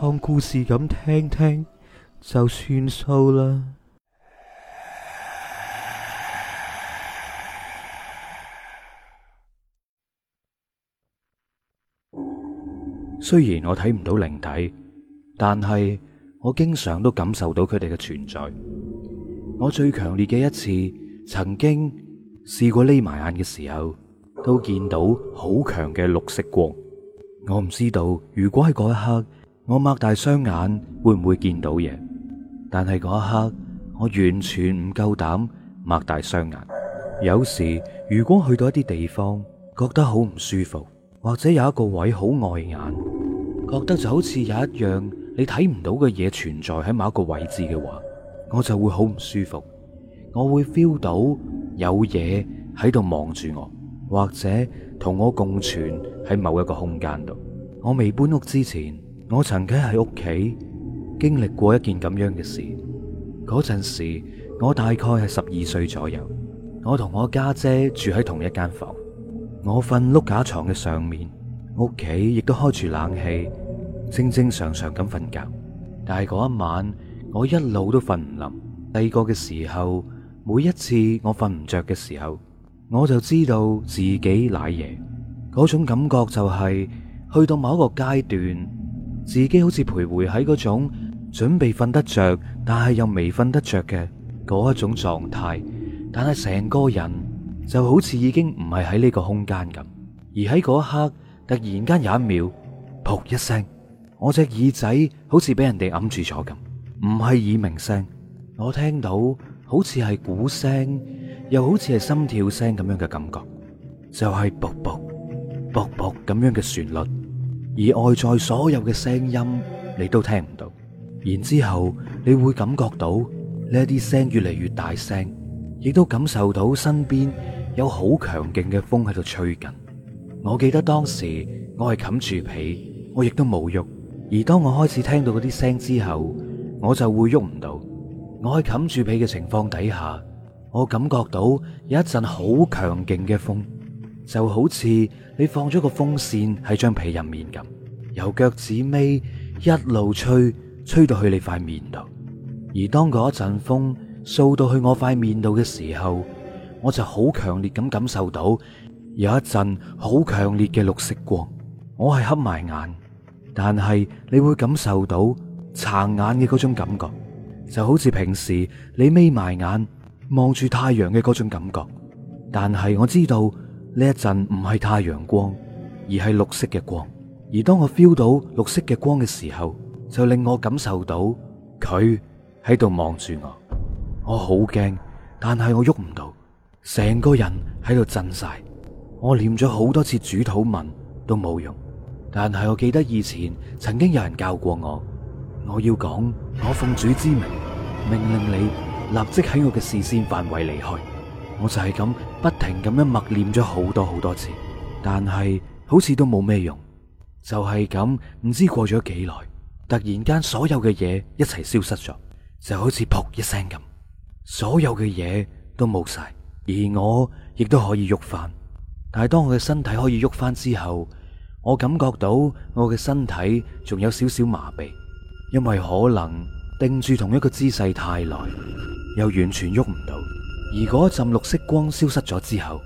當故事咁聽聽就算數啦。雖然我睇唔到靈體，但係我經常都感受到佢哋嘅存在。我最強烈嘅一次，曾經試過匿埋眼嘅時候，都見到好強嘅綠色光。我唔知道如果喺嗰一刻，我擘大雙眼會唔會見到嘢？但係嗰一刻，我完全唔夠膽擘大雙眼。有時如果去到一啲地方，覺得好唔舒服，或者有一個位好礙眼，覺得就好似有一樣你睇唔到嘅嘢存在喺某一個位置嘅話，我就會好唔舒服。我會 feel 到有嘢喺度望住我，或者同我共存喺某一個空間度。我未搬屋之前。我曾經喺屋企經歷過一件咁樣嘅事。嗰陣時，我大概係十二歲左右。我同我家姐，姐住喺同一間房，我瞓碌架床嘅上面。屋企亦都開住冷氣，正正常常咁瞓覺。但係嗰一晚，我一路都瞓唔冧。細個嘅時候，每一次我瞓唔着嘅時候，我就知道自己瀨嘢。嗰種感覺就係、是、去到某一個階段。自己好似徘徊喺嗰種準備瞓得着，但係又未瞓得着嘅嗰一種狀態，但係成個人就好似已經唔係喺呢個空間咁。而喺嗰一刻，突然間有一秒，噗一聲，我隻耳仔好似俾人哋揞住咗咁，唔係耳鳴聲，我聽到好似係鼓聲，又好似係心跳聲咁樣嘅感覺，就係卜卜卜卜咁樣嘅旋律。而外在所有嘅聲音，你都聽唔到。然之後你會感覺到呢啲聲越嚟越大聲，亦都感受到身邊有好強勁嘅風喺度吹緊。我記得當時我係冚住被，我亦都冇喐。而當我開始聽到嗰啲聲之後，我就會喐唔到。我喺冚住被嘅情況底下，我感覺到有一陣好強勁嘅風。就好似你放咗個風扇喺張被入面咁，由腳趾尾一路吹，吹到去你塊面度。而當嗰一陣風掃到去我塊面度嘅時候，我就好強烈咁感受到有一陣好強烈嘅綠色光。我係瞌埋眼，但係你會感受到撐眼嘅嗰種感覺，就好似平時你眯埋眼望住太陽嘅嗰種感覺。但係我知道。呢一陣唔係太陽光，而係綠色嘅光。而當我 feel 到綠色嘅光嘅時候，就令我感受到佢喺度望住我。我好驚，但係我喐唔到，成個人喺度震晒。我念咗好多次主禱文都冇用，但係我記得以前曾經有人教過我，我要講我奉主之名，命令你立即喺我嘅視線範圍離開。我就係咁不停咁樣默念咗好多好多次，但係好似都冇咩用，就係咁唔知過咗幾耐，突然間所有嘅嘢一齊消失咗，就好似噗一聲咁，所有嘅嘢都冇晒，而我亦都可以喐返。但係當我嘅身體可以喐返之後，我感覺到我嘅身體仲有少少麻痹，因為可能定住同一個姿勢太耐，又完全喐唔到。而嗰一陣綠色光消失咗之後，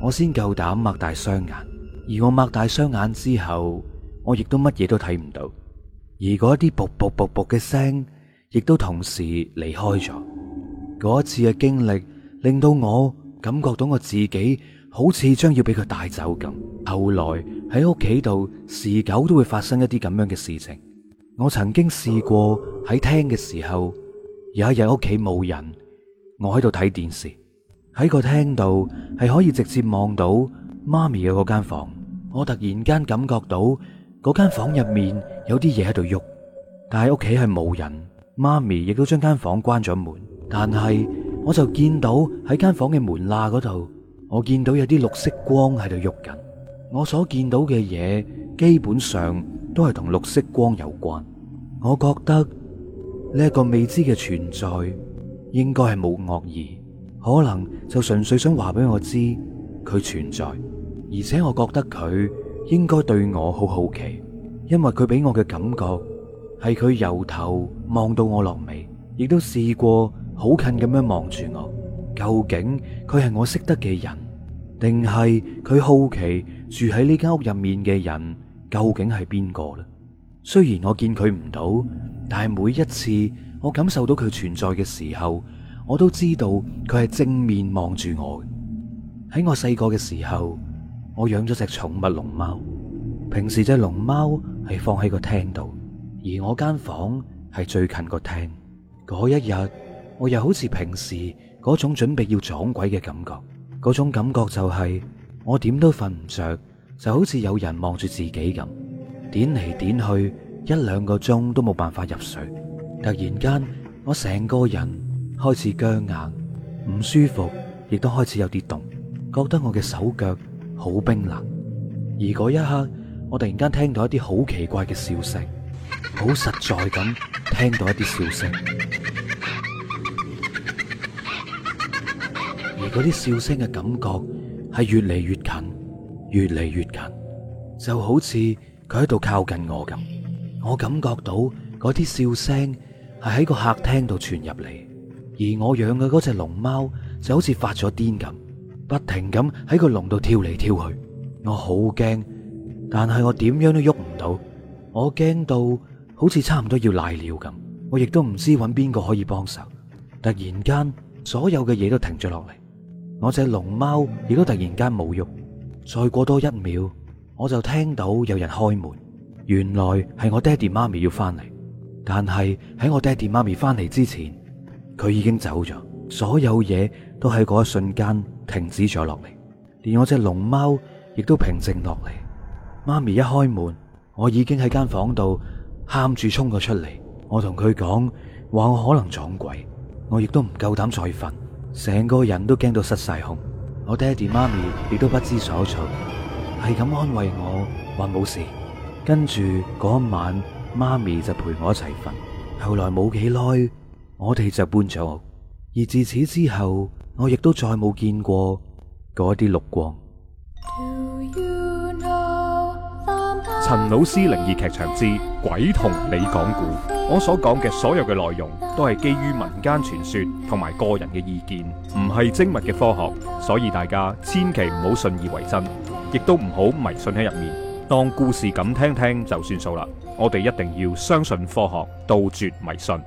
我先夠膽擘大雙眼。而我擘大雙眼之後，我亦都乜嘢都睇唔到。而嗰啲噗噗噗噗嘅聲，亦都同時離開咗。嗰一次嘅經歷令到我感覺到我自己好似將要俾佢帶走咁。後來喺屋企度時久都會發生一啲咁樣嘅事情。我曾經試過喺廳嘅時候，有一日屋企冇人。我喺度睇電視，喺個廳度係可以直接望到媽咪嘅嗰間房。我突然間感覺到嗰間房入面有啲嘢喺度喐，但係屋企係冇人，媽咪亦都將間房關咗門。但係我就見到喺間房嘅門罅嗰度，我見到有啲綠色光喺度喐緊。我所見到嘅嘢，基本上都係同綠色光有關。我覺得呢一個未知嘅存在。應該係冇惡意，可能就純粹想話俾我知佢存在，而且我覺得佢應該對我好好奇，因為佢俾我嘅感覺係佢由頭望到我落尾，亦都試過好近咁樣望住我。究竟佢係我識得嘅人，定係佢好奇住喺呢間屋入面嘅人究竟係邊個呢？雖然我見佢唔到，但係每一次我感受到佢存在嘅時候，我都知道佢係正面望住我嘅。喺我細個嘅時候，我養咗隻寵物龍貓。平時隻龍貓係放喺個廳度，而我間房係最近個廳。嗰一日，我又好似平時嗰種準備要撞鬼嘅感覺，嗰種感覺就係、是、我點都瞓唔着，就好似有人望住自己咁。點嚟點去一兩個鐘都冇辦法入睡，突然間我成個人開始僵硬，唔舒服，亦都開始有啲凍，覺得我嘅手腳好冰冷。而嗰一刻，我突然間聽到一啲好奇怪嘅笑聲，好實在咁聽到一啲笑聲，而嗰啲笑聲嘅感覺係越嚟越近，越嚟越近，就好似佢喺度靠近我咁，我感覺到嗰啲笑聲係喺個客廳度傳入嚟，而我養嘅嗰隻龍貓就好似發咗癲咁，不停咁喺個籠度跳嚟跳去。我好驚，但係我點樣都喐唔到，我驚到好似差唔多要瀨尿咁，我亦都唔知揾邊個可以幫手。突然間，所有嘅嘢都停咗落嚟，我隻龍貓亦都突然間冇喐，再過多一秒。我就聽到有人開門，原來係我爹地媽咪要翻嚟，但係喺我爹地媽咪翻嚟之前，佢已經走咗，所有嘢都喺嗰一瞬間停止咗落嚟，連我隻龍貓亦都平靜落嚟。媽咪一開門，我已經喺間房度喊住衝咗出嚟，我同佢講，話我可能撞鬼，我亦都唔夠膽再瞓，成個人都驚到失晒控。我爹地媽咪亦都不知所措。係咁安慰我，話冇事。跟住嗰晚，媽咪就陪我一齊瞓。後來冇幾耐，我哋就搬咗屋。而自此之後，我亦都再冇見過嗰啲綠光。陳老師靈異劇場之鬼同你講故，我所講嘅所有嘅內容都係基於民間傳說同埋個人嘅意見，唔係精密嘅科學，所以大家千祈唔好信以為真。亦都唔好迷信喺入面，當故事咁聽聽就算數喇。我哋一定要相信科學，杜絕迷信。